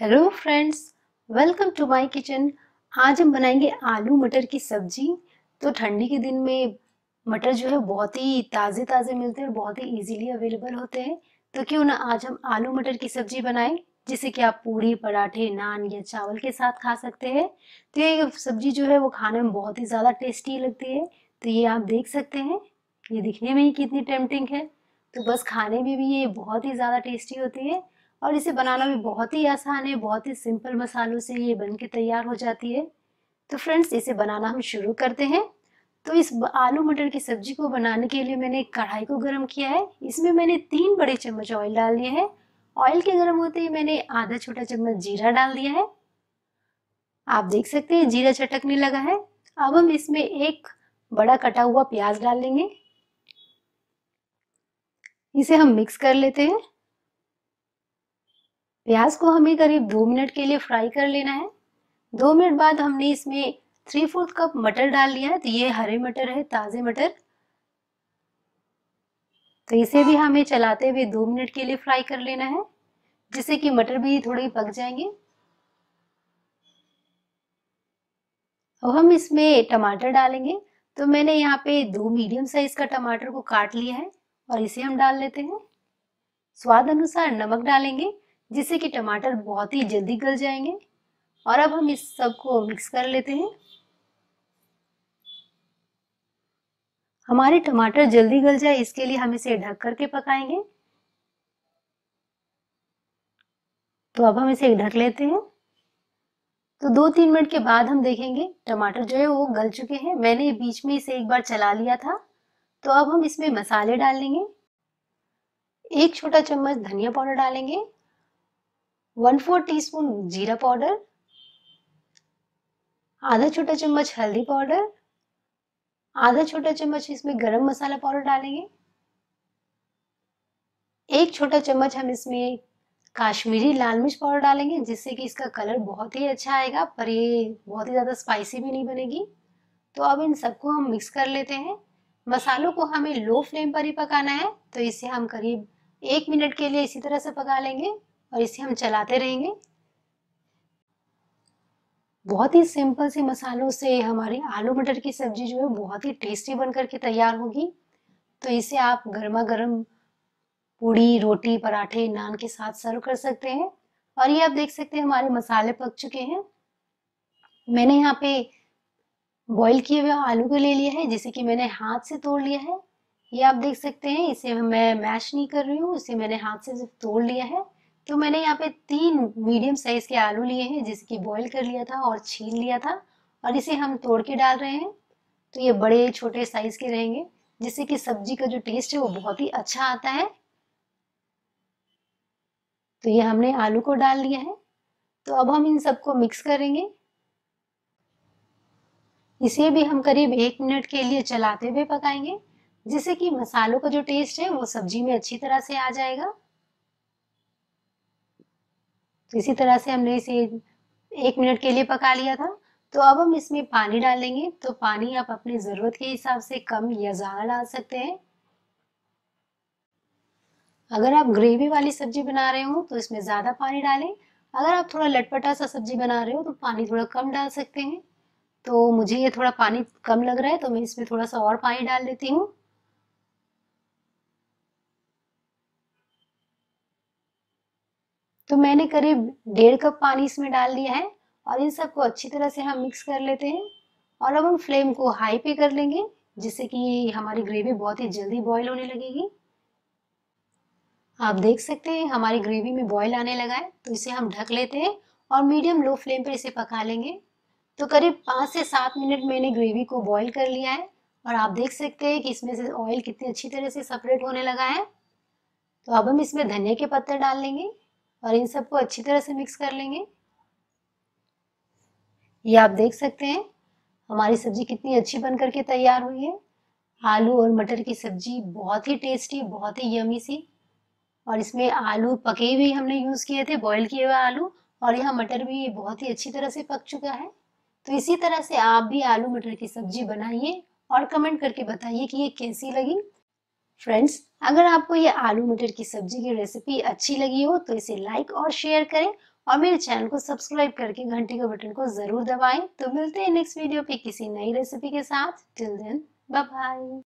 hello friends welcome to my kitchen आज हम बनाएंगे आलू मटर की सब्जी तो ठंडी के दिन में मटर जो है बहुत ही ताज़े ताज़े मिलते हैं और बहुत ही इजीली अवेलेबल होते हैं तो क्यों ना आज हम आलू मटर की सब्जी बनाएं जिसे कि आप पूरी पराठे नान या चावल के साथ खा सकते हैं तो ये सब्जी जो है वो खाने में बहुत ही ज़्यादा टेस्टी लगती है तो ये आप देख सकते हैं ये दिखने में ही कितनी टेम्पटिंग है तो बस खाने में भी ये बहुत ही ज़्यादा टेस्टी होती है और इसे बनाना भी बहुत ही आसान है बहुत ही सिंपल मसालों से ये बन के तैयार हो जाती है तो फ्रेंड्स इसे बनाना हम शुरू करते हैं तो इस आलू मटर की सब्जी को बनाने के लिए मैंने कढ़ाई को गर्म किया है इसमें मैंने तीन बड़े चम्मच ऑयल डाल दिया है ऑयल के गर्म होते ही मैंने आधा छोटा चम्मच जीरा डाल दिया है आप देख सकते हैं जीरा चटकने लगा है अब हम इसमें एक बड़ा कटा हुआ प्याज डाल लेंगे इसे हम मिक्स कर लेते हैं प्याज को हमें करीब दो मिनट के लिए फ्राई कर लेना है दो मिनट बाद हमने इसमें थ्री फोर्थ कप मटर डाल लिया है तो ये हरे मटर है ताज़े मटर तो इसे भी हमें चलाते हुए दो मिनट के लिए फ्राई कर लेना है जिससे कि मटर भी थोड़े पक जाएंगे अब हम इसमें टमाटर डालेंगे तो मैंने यहाँ पे दो मीडियम साइज का टमाटर को काट लिया है और इसे हम डाल लेते हैं स्वाद अनुसार नमक डालेंगे जिससे कि टमाटर बहुत ही जल्दी गल जाएंगे और अब हम इस सबको मिक्स कर लेते हैं हमारे टमाटर जल्दी गल जाए इसके लिए हम इसे ढक करके पकाएंगे तो अब हम इसे ढक लेते हैं तो दो तीन मिनट के बाद हम देखेंगे टमाटर जो है वो गल चुके हैं मैंने बीच में इसे एक बार चला लिया था तो अब हम इसमें मसाले डाल लेंगे एक छोटा चम्मच धनिया पाउडर डालेंगे वन फोर टी स्पून जीरा पाउडर आधा छोटा चम्मच हल्दी पाउडर आधा छोटा चम्मच इसमें गरम मसाला पाउडर डालेंगे एक छोटा चम्मच हम इसमें काश्मीरी लाल मिर्च पाउडर डालेंगे जिससे कि इसका कलर बहुत ही अच्छा आएगा पर ये बहुत ही ज़्यादा स्पाइसी भी नहीं बनेगी तो अब इन सबको हम मिक्स कर लेते हैं मसालों को हमें लो फ्लेम पर ही पकाना है तो इसे हम करीब एक मिनट के लिए इसी तरह से पका लेंगे और इसे हम चलाते रहेंगे बहुत ही सिंपल से मसालों से हमारी आलू मटर की सब्जी जो है बहुत ही टेस्टी बन करके तैयार होगी तो इसे आप गर्मा गर्म पूड़ी रोटी पराठे नान के साथ सर्व कर सकते हैं और ये आप देख सकते हैं हमारे मसाले पक चुके हैं मैंने यहाँ पे बॉईल किए हुए आलू को ले लिया है जिसे कि मैंने हाथ से तोड़ लिया है ये आप देख सकते हैं इसे मैं मैश नहीं कर रही हूँ इसे मैंने हाथ से सिर्फ तोड़ लिया है तो मैंने यहाँ पे तीन मीडियम साइज के आलू लिए हैं जिसकी बॉईल कर लिया था और छील लिया था और इसे हम तोड़ के डाल रहे हैं तो ये बड़े छोटे साइज के रहेंगे जिससे कि सब्जी का जो टेस्ट है वो बहुत ही अच्छा आता है तो ये हमने आलू को डाल लिया है तो अब हम इन सबको मिक्स करेंगे इसे भी हम करीब एक मिनट के लिए चलाते हुए पकाएंगे जिससे कि मसालों का जो टेस्ट है वो सब्जी में अच्छी तरह से आ जाएगा इसी तरह से हमने इसे एक मिनट के लिए पका लिया था तो अब हम इसमें पानी डाल तो पानी आप अपनी ज़रूरत के हिसाब से कम या ज़्यादा डाल सकते हैं अगर आप ग्रेवी वाली सब्जी बना रहे हो तो इसमें ज़्यादा पानी डालें अगर आप थोड़ा लटपटा सा सब्जी बना रहे हो तो पानी थोड़ा कम डाल सकते हैं तो मुझे ये थोड़ा पानी कम लग रहा है तो मैं इसमें थोड़ा सा और पानी डाल देती हूँ तो मैंने करीब डेढ़ कप पानी इसमें डाल दिया है और इन सबको अच्छी तरह से हम मिक्स कर लेते हैं और अब हम फ्लेम को हाई पे कर लेंगे जिससे कि हमारी ग्रेवी बहुत ही जल्दी बॉईल होने लगेगी आप देख सकते हैं हमारी ग्रेवी में बॉईल आने लगा है तो इसे हम ढक लेते हैं और मीडियम लो फ्लेम पर इसे पका लेंगे तो करीब पाँच से सात मिनट मैंने ग्रेवी को बॉयल कर लिया है और आप देख सकते हैं कि इसमें से ऑयल कितनी अच्छी तरह से सेपरेट होने लगा है तो अब हम इसमें धनिया के पत्ते डाल लेंगे और इन सबको अच्छी तरह से मिक्स कर लेंगे ये आप देख सकते हैं हमारी सब्जी कितनी अच्छी बन करके तैयार हुई है आलू और मटर की सब्जी बहुत ही टेस्टी बहुत ही यमी सी और इसमें आलू पके भी हमने यूज़ किए थे बॉईल किए हुए आलू और यहाँ मटर भी बहुत ही अच्छी तरह से पक चुका है तो इसी तरह से आप भी आलू मटर की सब्जी बनाइए और कमेंट करके बताइए कि ये कैसी लगी फ्रेंड्स अगर आपको ये आलू मटर की सब्जी की रेसिपी अच्छी लगी हो तो इसे लाइक और शेयर करें और मेरे चैनल को सब्सक्राइब करके घंटी के बटन को जरूर दबाएं तो मिलते हैं नेक्स्ट वीडियो पे किसी नई रेसिपी के साथ टिल देन बाय